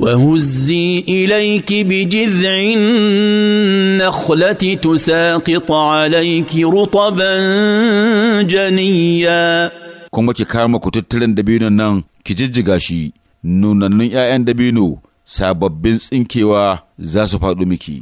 وهزي اليك بجذع النخله تساقط عليك رطبا جنيا kuma ki kama ku tattalan dabinon nan ki jijjiga shi nunannun 'ya'yan dabino sababbin tsinkewa za su faɗo miki